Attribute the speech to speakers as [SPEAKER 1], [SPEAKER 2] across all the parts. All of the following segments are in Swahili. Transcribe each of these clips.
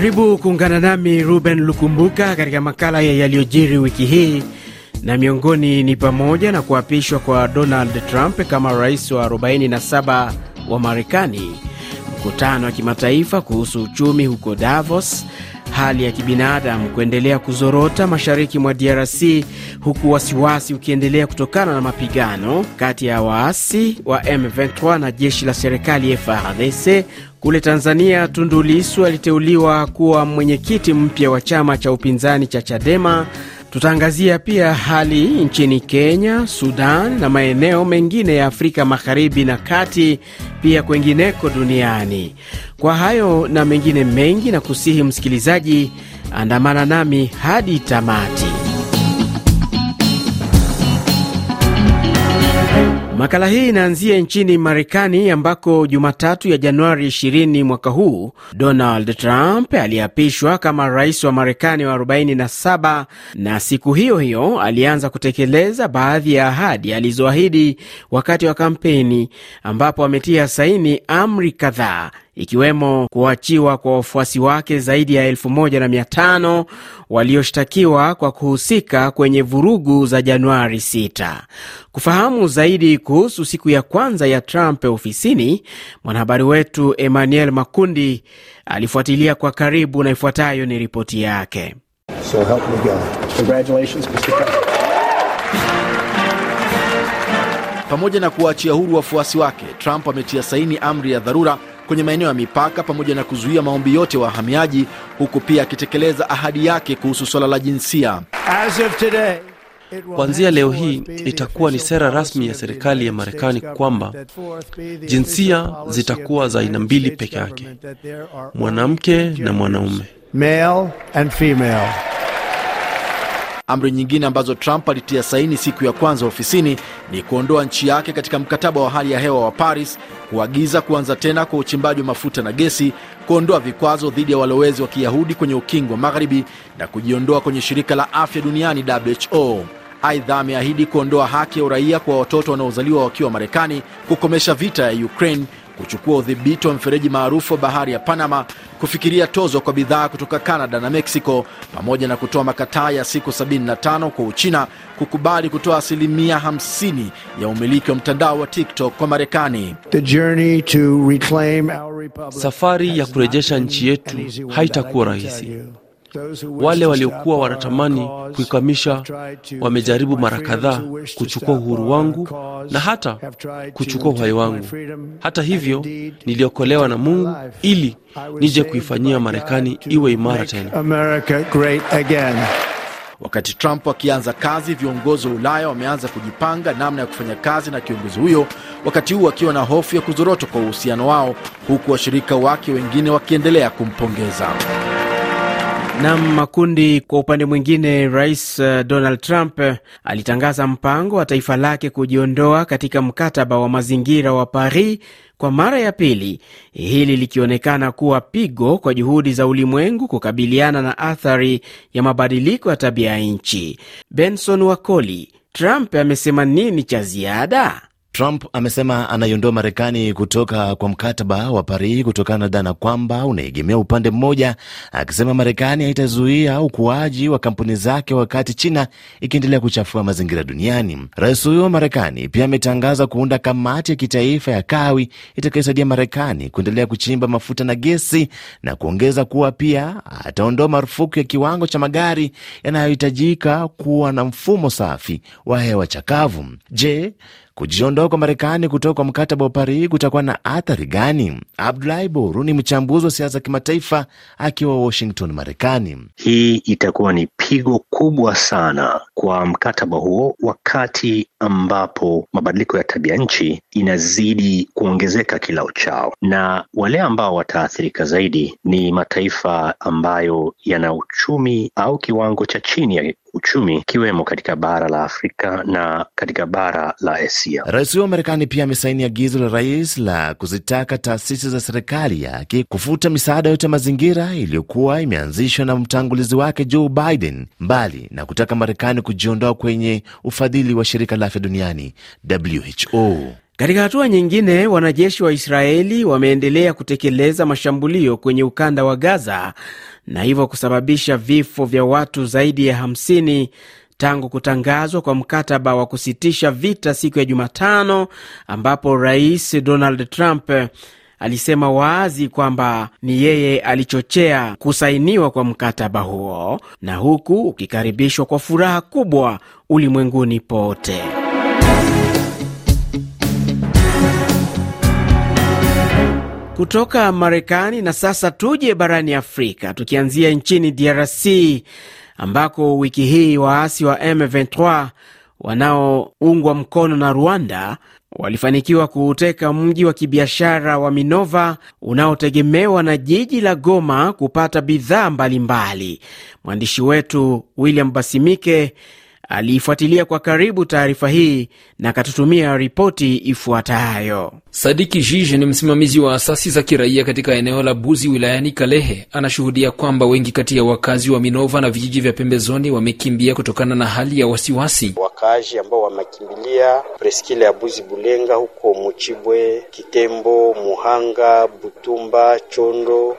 [SPEAKER 1] Karibu kuungana nami Ruben Lukumbuka katika makala ya yaliyojiri wiki hii, na miongoni ni pamoja na kuapishwa kwa Donald Trump kama rais wa 47 wa Marekani, mkutano wa kimataifa kuhusu uchumi huko Davos, hali ya kibinadamu kuendelea kuzorota mashariki mwa DRC, huku wasiwasi ukiendelea kutokana na mapigano kati ya waasi wa M23 na jeshi la serikali FARDC. Kule Tanzania, Tundu Lissu aliteuliwa kuwa mwenyekiti mpya wa chama cha upinzani cha Chadema Tutaangazia pia hali nchini Kenya, Sudan na maeneo mengine ya Afrika magharibi na kati, pia kwengineko duniani. Kwa hayo na mengine mengi, na kusihi msikilizaji, andamana nami hadi tamati. Makala hii inaanzia nchini Marekani ambako Jumatatu ya Januari 20 mwaka huu Donald Trump aliapishwa kama rais wa Marekani wa 47 na siku hiyo hiyo alianza kutekeleza baadhi ya ahadi alizoahidi wakati wa kampeni, ambapo ametia saini amri kadhaa ikiwemo kuachiwa kwa wafuasi wake zaidi ya 15 walioshtakiwa kwa kuhusika kwenye vurugu za Januari 6. Kufahamu zaidi kuhusu siku ya kwanza ya Trump ofisini, mwanahabari wetu Emmanuel Makundi alifuatilia kwa karibu na ifuatayo ni ripoti yake.
[SPEAKER 2] So help me God.
[SPEAKER 1] Pamoja na kuwaachia
[SPEAKER 2] huru wafuasi wake, Trump ametia saini amri ya dharura kwenye maeneo ya mipaka pamoja na kuzuia maombi yote wa wahamiaji, huku pia akitekeleza ahadi yake kuhusu swala la jinsia. Kuanzia leo hii itakuwa ni sera rasmi ya serikali ya Marekani kwamba jinsia zitakuwa za aina mbili peke yake,
[SPEAKER 3] mwanamke na mwanaume, male and female.
[SPEAKER 2] Amri nyingine ambazo Trump alitia saini siku ya kwanza ofisini ni kuondoa nchi yake katika mkataba wa hali ya hewa wa Paris, kuagiza kuanza tena kwa uchimbaji wa mafuta na gesi, kuondoa vikwazo dhidi ya walowezi wa Kiyahudi kwenye ukingo wa Magharibi na kujiondoa kwenye shirika la afya duniani WHO. Aidha, ameahidi kuondoa haki ya uraia kwa watoto wanaozaliwa wakiwa Marekani, kukomesha vita ya Ukraine, kuchukua udhibiti wa mfereji maarufu wa bahari ya Panama kufikiria tozo kwa bidhaa kutoka Canada na Mexico pamoja na kutoa makataa ya siku 75 kwa Uchina kukubali kutoa asilimia 50 ya umiliki wa mtandao wa TikTok kwa Marekani. Safari ya kurejesha nchi yetu haitakuwa rahisi. Wale waliokuwa wanatamani kuikamisha
[SPEAKER 4] wamejaribu mara kadhaa
[SPEAKER 2] kuchukua uhuru wangu na hata kuchukua uhai wangu. Hata hivyo, niliokolewa na Mungu ili nije kuifanyia Marekani iwe imara tena. Wakati Trump akianza kazi, viongozi wa Ulaya wameanza kujipanga namna ya kufanya kazi na kiongozi huyo, wakati huu akiwa na hofu ya kuzorota kwa uhusiano wao, huku washirika wake wengine wakiendelea kumpongeza.
[SPEAKER 1] Nam makundi. Kwa upande mwingine, Rais uh, Donald Trump uh, alitangaza mpango wa taifa lake kujiondoa katika mkataba wa mazingira wa Paris kwa mara ya pili, hili likionekana kuwa pigo kwa juhudi za ulimwengu kukabiliana na athari ya mabadiliko ya tabia ya nchi.
[SPEAKER 3] Benson Wakoli, Trump amesema nini cha ziada? Trump amesema anaiondoa Marekani kutoka kwa mkataba wa Paris kutokana na dhana kwamba unaegemea upande mmoja, akisema Marekani haitazuia ukuaji wa kampuni zake wakati China ikiendelea kuchafua mazingira duniani. Rais huyo wa Marekani pia ametangaza kuunda kamati ya kitaifa ya kawi itakayosaidia Marekani kuendelea kuchimba mafuta na gesi na kuongeza kuwa pia ataondoa marufuku ya kiwango cha magari yanayohitajika kuwa na mfumo safi wa hewa chakavu. Je, Kujiondoa kwa Marekani kutoka kwa mkataba wa Paris kutakuwa na athari gani? Abdulahi Boru ni mchambuzi wa siasa kimataifa akiwa Washington, Marekani. Hii itakuwa ni pigo kubwa sana kwa mkataba huo, wakati ambapo mabadiliko ya tabia nchi
[SPEAKER 1] inazidi kuongezeka kila uchao, na wale ambao wataathirika zaidi ni mataifa ambayo yana uchumi au kiwango cha chini uchumi ikiwemo katika bara la Afrika na katika bara la Asia.
[SPEAKER 3] Rais huyo wa Marekani pia amesaini agizo la rais la kuzitaka taasisi za serikali yake kufuta misaada yote ya mazingira iliyokuwa imeanzishwa na mtangulizi wake Joe Biden, mbali na kutaka Marekani kujiondoa kwenye ufadhili wa shirika la afya duniani WHO. Katika
[SPEAKER 1] hatua nyingine, wanajeshi wa Israeli wameendelea kutekeleza mashambulio kwenye ukanda wa Gaza na hivyo kusababisha vifo vya watu zaidi ya 50 tangu kutangazwa kwa mkataba wa kusitisha vita siku ya Jumatano, ambapo Rais Donald Trump alisema wazi kwamba ni yeye alichochea kusainiwa kwa mkataba huo, na huku ukikaribishwa kwa furaha kubwa ulimwenguni pote. Kutoka Marekani na sasa tuje barani Afrika, tukianzia nchini DRC ambako wiki hii waasi wa M23 wanaoungwa mkono na Rwanda walifanikiwa kuuteka mji wa kibiashara wa Minova unaotegemewa na jiji la Goma kupata bidhaa mbalimbali. Mwandishi wetu William Basimike aliifuatilia kwa karibu taarifa hii na akatutumia ripoti ifuatayo. Sadiki jije ni msimamizi wa asasi za kiraia katika eneo la Buzi wilayani
[SPEAKER 4] Kalehe. Anashuhudia kwamba wengi kati ya wakazi wa Minova na vijiji vya pembezoni wamekimbia kutokana na hali ya wasiwasi.
[SPEAKER 2] Wakazi ambao wamekimbilia preskile ya Buzi Bulenga, huko Muchibwe, Kitembo, Muhanga, Butumba, Chondo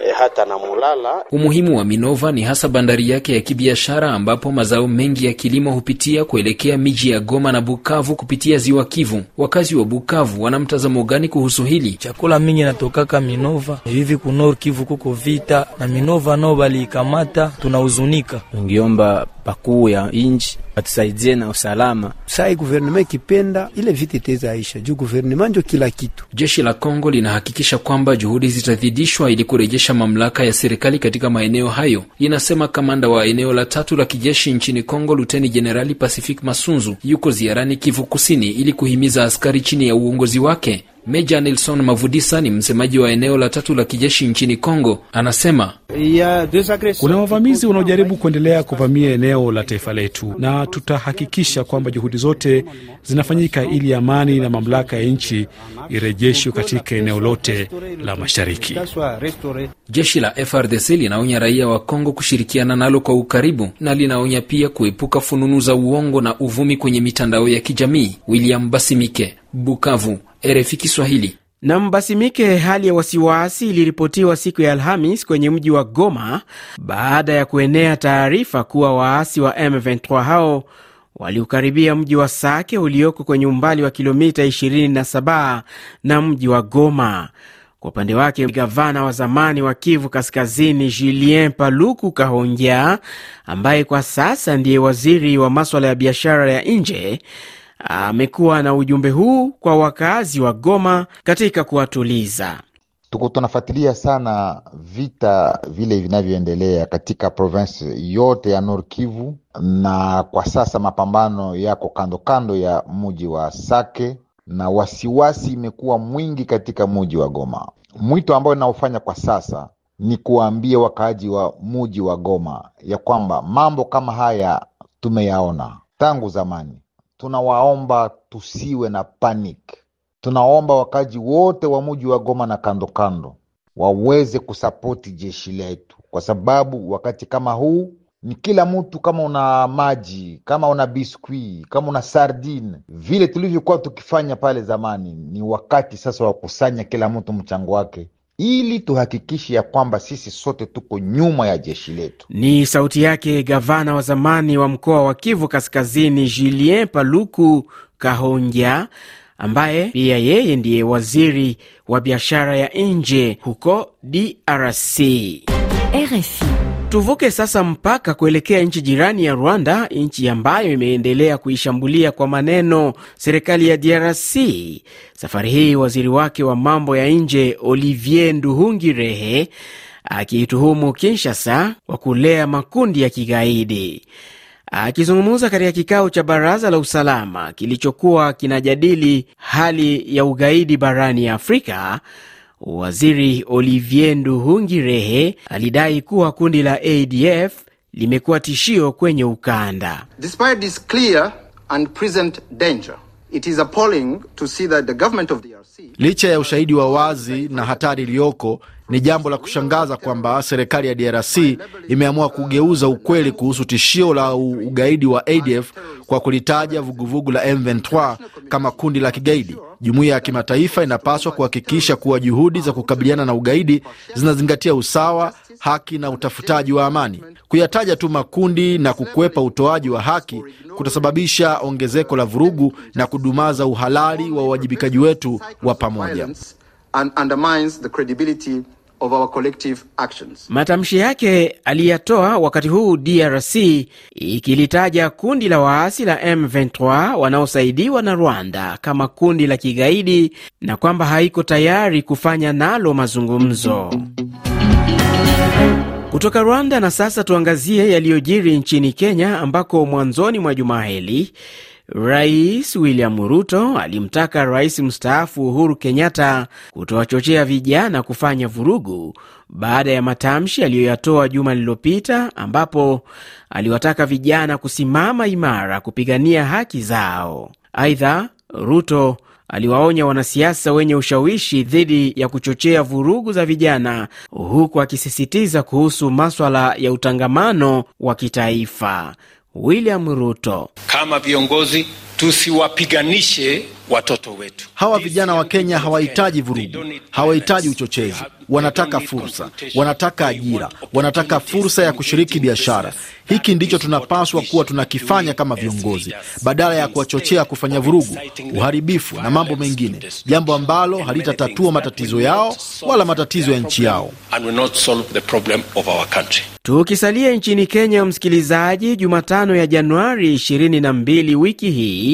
[SPEAKER 2] e,
[SPEAKER 4] hata na Mulala. Umuhimu wa Minova ni hasa bandari yake ya kibiashara ambapo mazao mengi ya kilimo hupitia kuelekea miji ya Goma na Bukavu kupitia ziwa Kivu. Wakazi wa Bukavu wana mtazamo gani kuhusu hili? Chakula mingi natokaka Minova hivi kunor Kivu kuko vita na Minova nao baliikamata, tunahuzunika. Ungiomba pakuu ya inji watusaidie na usalama. Sai guvernema ikipenda ile vita aisha, juu guvernema ndio kila kitu. Jeshi la Kongo linahakikisha kwamba juhudi zitazidishwa ili kurejesha mamlaka ya serikali katika maeneo hayo, inasema kamanda wa eneo la tatu la kijeshi nchini Kongo, Luteni Jenerali Pacific Masunzu yuko ziarani Kivu Kusini ili kuhimiza askari chini ya uongozi wake Meja Nelson Mavudisa ni msemaji wa eneo la tatu la kijeshi nchini Kongo, anasema
[SPEAKER 2] kuna wavamizi wanaojaribu kuendelea kuvamia eneo la taifa letu, na tutahakikisha kwamba juhudi zote zinafanyika ili amani na mamlaka ya
[SPEAKER 4] nchi irejeshwe katika eneo lote la mashariki. Jeshi la FRDC linaonya raia wa Kongo kushirikiana nalo kwa ukaribu, na linaonya pia kuepuka fununu za uongo na uvumi kwenye mitandao ya kijamii. William Basimike, Bukavu,
[SPEAKER 1] RFI Kiswahili. Na mbasimike, hali ya wasiwasi iliripotiwa siku ya Alhamis kwenye mji wa Goma baada ya kuenea taarifa kuwa waasi wa M23 hao waliukaribia mji wa Sake ulioko kwenye umbali wa kilomita 27 na mji wa Goma. Kwa upande wake gavana wa zamani wa Kivu Kaskazini, Julien Paluku Kahongya, ambaye kwa sasa ndiye waziri wa maswala ya biashara ya nje amekuwa na ujumbe huu kwa wakaazi wa Goma katika kuwatuliza. Tuko tunafuatilia sana
[SPEAKER 2] vita vile vinavyoendelea katika province yote ya Nord Kivu, na kwa sasa mapambano yako kando kando ya muji wa Sake na wasiwasi imekuwa mwingi katika muji wa Goma. Mwito ambao inaofanya kwa sasa ni kuwaambia wakaaji wa muji wa Goma ya kwamba mambo kama haya tumeyaona tangu zamani tunawaomba tusiwe na panic. Tunaomba wakaji wote wa mji wa Goma na kando kando waweze kusapoti jeshi letu, kwa sababu wakati kama huu ni kila mtu, kama una maji, kama una biskwi, kama una sardine, vile tulivyokuwa tukifanya pale zamani, ni wakati sasa wa kusanya kila mtu mchango wake ili tuhakikishe ya kwamba
[SPEAKER 1] sisi sote tuko nyuma ya jeshi letu. Ni sauti yake gavana wa zamani wa mkoa wa Kivu Kaskazini, Julien Paluku Kahongya, ambaye pia yeye ndiye waziri wa biashara ya nje huko DRC.
[SPEAKER 5] RFI.
[SPEAKER 1] Tuvuke sasa mpaka kuelekea nchi jirani ya Rwanda, nchi ambayo imeendelea kuishambulia kwa maneno serikali ya DRC. Safari hii waziri wake wa mambo ya nje Olivier Nduhungirehe akiituhumu Kinshasa kwa kulea makundi ya kigaidi. Akizungumza katika kikao cha baraza la usalama kilichokuwa kinajadili hali ya ugaidi barani Afrika, Waziri Olivier Nduhungirehe alidai kuwa kundi la ADF limekuwa tishio kwenye ukanda.
[SPEAKER 2] Despite this clear and present danger, it is appalling to see that the government of licha ya ushahidi wa wazi na hatari iliyoko ni jambo la kushangaza kwamba serikali ya DRC imeamua kugeuza ukweli kuhusu tishio la ugaidi wa ADF kwa kulitaja vuguvugu la M23 kama kundi la kigaidi. Jumuiya ya kimataifa inapaswa kuhakikisha kuwa juhudi za kukabiliana na ugaidi zinazingatia usawa, haki na utafutaji wa amani. Kuyataja tu makundi na kukwepa utoaji wa haki kutasababisha ongezeko la vurugu na kudumaza uhalali wa uwajibikaji
[SPEAKER 1] wetu wa pamoja
[SPEAKER 2] of our collective actions.
[SPEAKER 1] Matamshi yake aliyatoa wakati huu DRC ikilitaja kundi la waasi la M23 wanaosaidiwa na Rwanda kama kundi la kigaidi na kwamba haiko tayari kufanya nalo mazungumzo. Kutoka Rwanda na sasa tuangazie yaliyojiri nchini Kenya ambako mwanzoni mwa jumaa hili Rais William Ruto alimtaka rais mstaafu Uhuru Kenyatta kutowachochea vijana kufanya vurugu baada ya matamshi aliyoyatoa juma lililopita, ambapo aliwataka vijana kusimama imara kupigania haki zao. Aidha, Ruto aliwaonya wanasiasa wenye ushawishi dhidi ya kuchochea vurugu za vijana, huku akisisitiza kuhusu maswala ya utangamano wa kitaifa. William Ruto:
[SPEAKER 4] kama viongozi tusiwapiganishe watoto wetu.
[SPEAKER 1] Hawa
[SPEAKER 2] vijana wa Kenya hawahitaji vurugu, hawahitaji uchochezi, wanataka fursa, wanataka ajira, wanataka fursa ya kushiriki biashara. Hiki ndicho tunapaswa kuwa tunakifanya kama viongozi, badala ya kuwachochea kufanya vurugu, uharibifu na mambo mengine,
[SPEAKER 1] jambo ambalo halitatatua matatizo yao wala matatizo ya nchi yao. Tukisalia nchini Kenya, msikilizaji, Jumatano ya Januari 22 wiki hii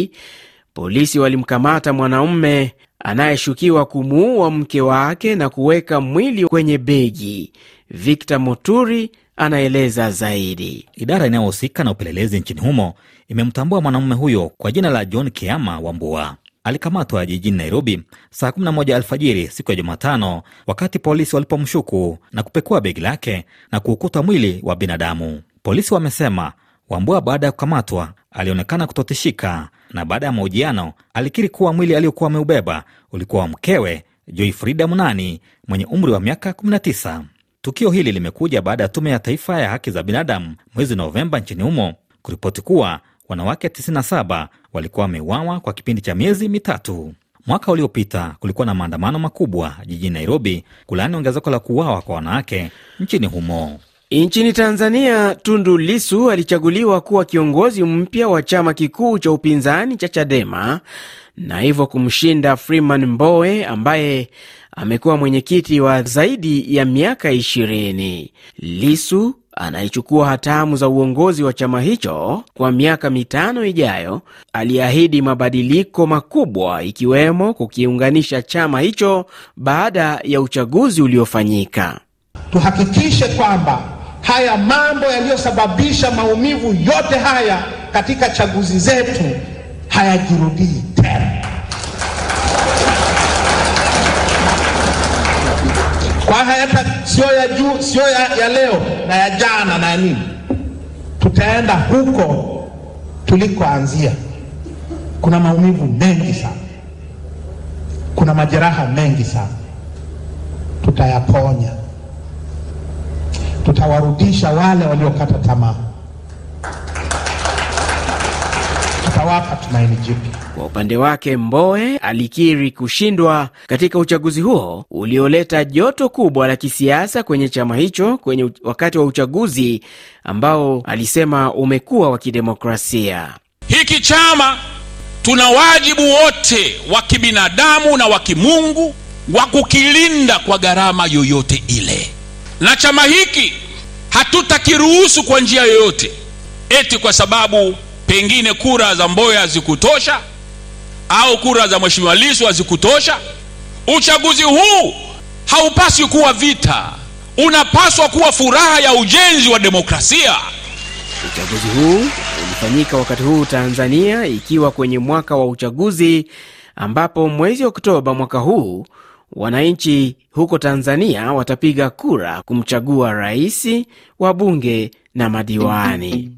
[SPEAKER 1] polisi walimkamata mwanaume anayeshukiwa kumuua mke wake na kuweka mwili kwenye begi. Victor Moturi anaeleza zaidi. Idara inayohusika na upelelezi nchini humo imemtambua mwanamume huyo kwa jina la John Keama Wambua. Alikamatwa jijini Nairobi saa 11 alfajiri siku ya Jumatano, wakati polisi walipomshuku na kupekua begi lake na kuukuta mwili wa binadamu. Polisi wamesema Wambua baada ya kukamatwa alionekana kutotishika na baada ya mahojiano alikiri kuwa mwili aliokuwa ameubeba ulikuwa wa mkewe frida Munani mwenye umri wa miaka 19. Tukio hili limekuja baada ya Tume ya Taifa ya Haki za Binadamu mwezi Novemba nchini humo kuripoti kuwa wanawake 97 walikuwa wameuawa kwa kipindi cha miezi mitatu. Mwaka uliopita kulikuwa na maandamano makubwa jijini Nairobi kulaani ongezeko la kuuawa kwa wanawake nchini humo. Nchini Tanzania, Tundu Lisu alichaguliwa kuwa kiongozi mpya wa chama kikuu cha upinzani cha Chadema na hivyo kumshinda Freeman Mbowe ambaye amekuwa mwenyekiti wa zaidi ya miaka ishirini. Lisu anayechukua hatamu za uongozi wa chama hicho kwa miaka mitano ijayo, aliahidi mabadiliko makubwa ikiwemo kukiunganisha chama hicho baada ya uchaguzi uliofanyika.
[SPEAKER 2] Tuhakikishe kwamba haya mambo yaliyosababisha maumivu yote haya katika chaguzi zetu hayajirudii tena. Kwa hata sio ya juu, sio ya, ya leo na ya jana na nini, tutaenda huko tulikoanzia. Kuna maumivu mengi sana, kuna majeraha mengi sana, tutayaponya tutawarudisha wale waliokata tamaa,
[SPEAKER 1] tutawapa tumaini jipya. Kwa upande wake Mbowe alikiri kushindwa katika uchaguzi huo ulioleta joto kubwa la kisiasa kwenye chama hicho kwenye wakati wa uchaguzi ambao alisema umekuwa wa kidemokrasia. Hiki chama tuna wajibu wote wa kibinadamu
[SPEAKER 4] na wa kimungu wa kukilinda kwa gharama yoyote ile na chama hiki hatutakiruhusu kwa njia yoyote, eti kwa sababu pengine kura za Mboya hazikutosha au kura za Mheshimiwa lisu hazikutosha. Uchaguzi huu haupaswi kuwa vita, unapaswa kuwa furaha ya ujenzi wa demokrasia.
[SPEAKER 1] Uchaguzi huu ulifanyika wakati huu Tanzania ikiwa kwenye mwaka wa uchaguzi, ambapo mwezi Oktoba mwaka huu Wananchi huko Tanzania watapiga kura kumchagua rais, wabunge na madiwani.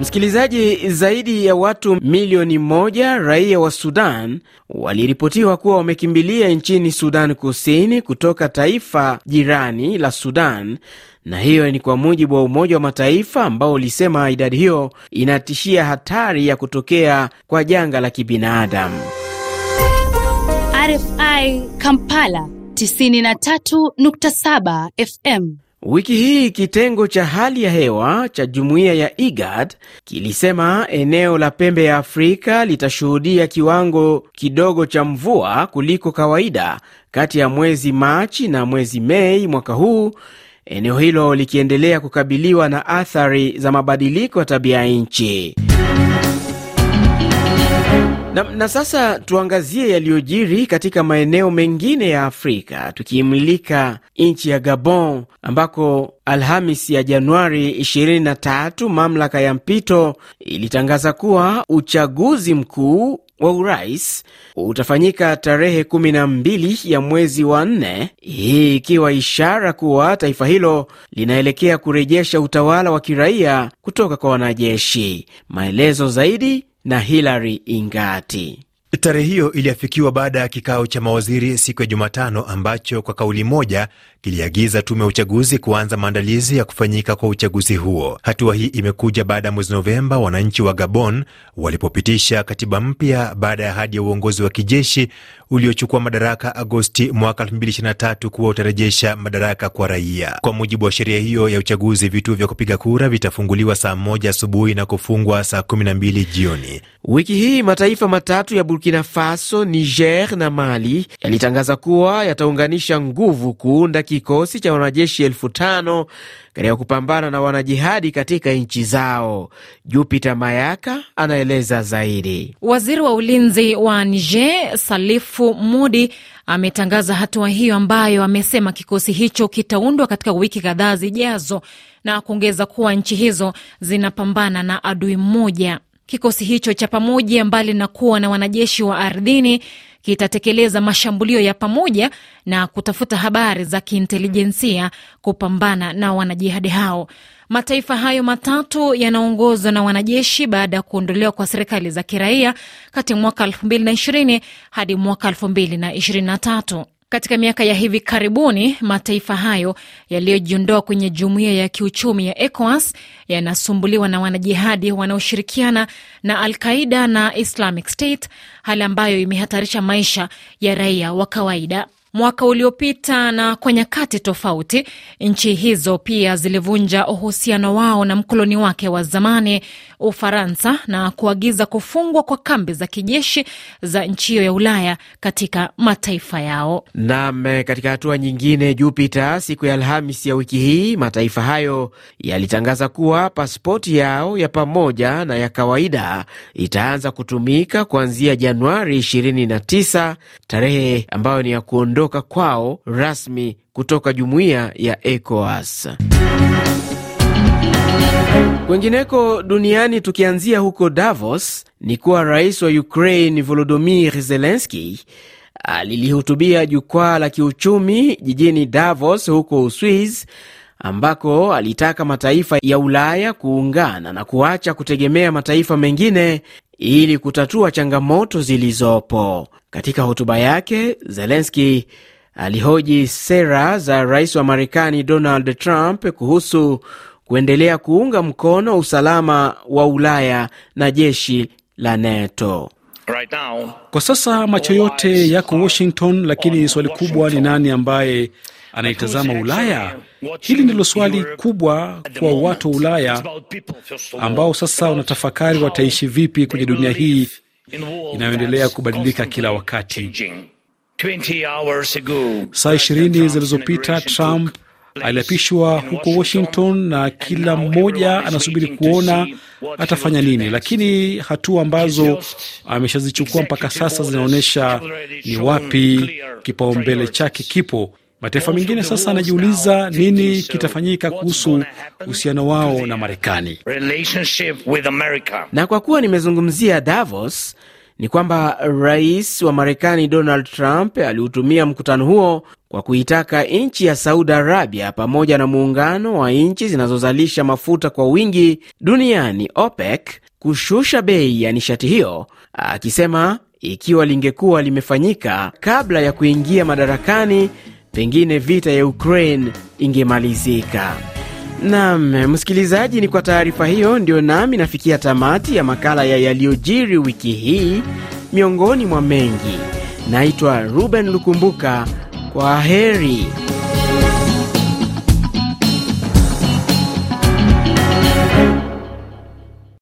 [SPEAKER 1] Msikilizaji, zaidi ya watu milioni moja raia wa Sudan waliripotiwa kuwa wamekimbilia nchini Sudan Kusini kutoka taifa jirani la Sudan, na hiyo ni kwa mujibu wa Umoja wa Mataifa ambao ulisema idadi hiyo inatishia hatari ya kutokea kwa janga la kibinadamu.
[SPEAKER 5] RFI Kampala 93.7 FM.
[SPEAKER 1] Wiki hii kitengo cha hali ya hewa cha jumuiya ya IGAD kilisema eneo la pembe ya Afrika litashuhudia kiwango kidogo cha mvua kuliko kawaida kati ya mwezi Machi na mwezi Mei mwaka huu, eneo hilo likiendelea kukabiliwa na athari za mabadiliko ya tabia ya nchi. Na, na sasa tuangazie yaliyojiri katika maeneo mengine ya Afrika, tukiimulika nchi ya Gabon ambako Alhamis ya Januari 23 mamlaka ya mpito ilitangaza kuwa uchaguzi mkuu wa urais utafanyika tarehe 12 ya mwezi wa nne, hii ikiwa ishara kuwa taifa hilo linaelekea kurejesha utawala wa kiraia kutoka kwa
[SPEAKER 3] wanajeshi. Maelezo zaidi na Hilary Ingati. Tarehe hiyo iliafikiwa baada ya kikao cha mawaziri siku ya Jumatano ambacho kwa kauli moja kiliagiza tume ya uchaguzi kuanza maandalizi ya kufanyika kwa uchaguzi huo. Hatua hii imekuja baada ya mwezi Novemba wananchi wa Gabon walipopitisha katiba mpya baada ya hadi ya uongozi wa kijeshi uliochukua madaraka Agosti mwaka 2023 kuwa utarejesha madaraka kwa raia. Kwa mujibu wa sheria hiyo ya uchaguzi, vituo vya kupiga kura vitafunguliwa saa moja asubuhi na kufungwa saa 12 jioni.
[SPEAKER 1] Wiki hii mataifa matatu ya Burkina Burkina Faso, Niger na Mali yalitangaza kuwa yataunganisha nguvu kuunda kikosi cha wanajeshi elfu tano katika kupambana na wanajihadi katika nchi zao. Jupiter Mayaka anaeleza zaidi.
[SPEAKER 5] Waziri wa ulinzi wa Niger Salifu Mudi ametangaza hatua hiyo ambayo amesema kikosi hicho kitaundwa katika wiki kadhaa zijazo, na kuongeza kuwa nchi hizo zinapambana na adui mmoja. Kikosi hicho cha pamoja, mbali na kuwa na wanajeshi wa ardhini, kitatekeleza mashambulio ya pamoja na kutafuta habari za kiintelijensia kupambana na wanajihadi hao. Mataifa hayo matatu yanaongozwa na wanajeshi baada ya kuondolewa kwa serikali za kiraia kati ya mwaka 2020 hadi mwaka 2023. Katika miaka ya hivi karibuni, mataifa hayo yaliyojiondoa kwenye jumuiya ya kiuchumi ya ECOWAS yanasumbuliwa na wanajihadi wanaoshirikiana na Al-Qaida na Islamic State, hali ambayo imehatarisha maisha ya raia wa kawaida mwaka uliopita na kwa nyakati tofauti. Nchi hizo pia zilivunja uhusiano wao na mkoloni wake wa zamani Ufaransa na kuagiza kufungwa kwa kambi za kijeshi za nchi hiyo ya Ulaya katika mataifa yao.
[SPEAKER 1] Nam, katika hatua nyingine, jupita siku ya Alhamis ya wiki hii mataifa hayo yalitangaza kuwa paspoti yao ya pamoja na ya kawaida itaanza kutumika kuanzia Januari 29 tarehe ambayo ni ya kuondoa kuondoka kwao rasmi kutoka jumuiya ya ECOWAS. Kwengineko duniani, tukianzia huko Davos, ni kuwa rais wa Ukraine Volodymyr Zelensky alilihutubia jukwaa la kiuchumi jijini Davos huko Uswiz, ambako alitaka mataifa ya Ulaya kuungana na kuacha kutegemea mataifa mengine ili kutatua changamoto zilizopo. Katika hotuba yake, Zelenski alihoji sera za rais wa Marekani Donald Trump kuhusu kuendelea kuunga mkono usalama wa Ulaya na jeshi la NATO. Kwa sasa macho yote yako Washington, lakini swali kubwa ni nani ambaye anaitazama
[SPEAKER 2] Ulaya? Hili ndilo swali kubwa kwa watu wa Ulaya ambao sasa wanatafakari wataishi vipi kwenye dunia hii inayoendelea kubadilika kila
[SPEAKER 3] wakati.
[SPEAKER 2] Saa ishirini zilizopita Trump aliapishwa huko Washington na kila mmoja anasubiri kuona atafanya nini, lakini hatua ambazo ameshazichukua mpaka sasa zinaonyesha ni wapi kipaumbele chake kipo Mataifa mengine sasa anajiuliza
[SPEAKER 1] nini kitafanyika kuhusu uhusiano wao na Marekani. Na kwa kuwa nimezungumzia Davos, ni kwamba rais wa Marekani Donald Trump aliutumia mkutano huo kwa kuitaka nchi ya Saudi Arabia pamoja na muungano wa nchi zinazozalisha mafuta kwa wingi duniani OPEC kushusha bei ya nishati hiyo, akisema ikiwa lingekuwa limefanyika kabla ya kuingia madarakani pengine vita ya Ukraine ingemalizika. nam msikilizaji, ni kwa taarifa hiyo ndio nami nafikia tamati ya makala ya yaliyojiri wiki hii miongoni mwa mengi. Naitwa Ruben Lukumbuka, kwa heri.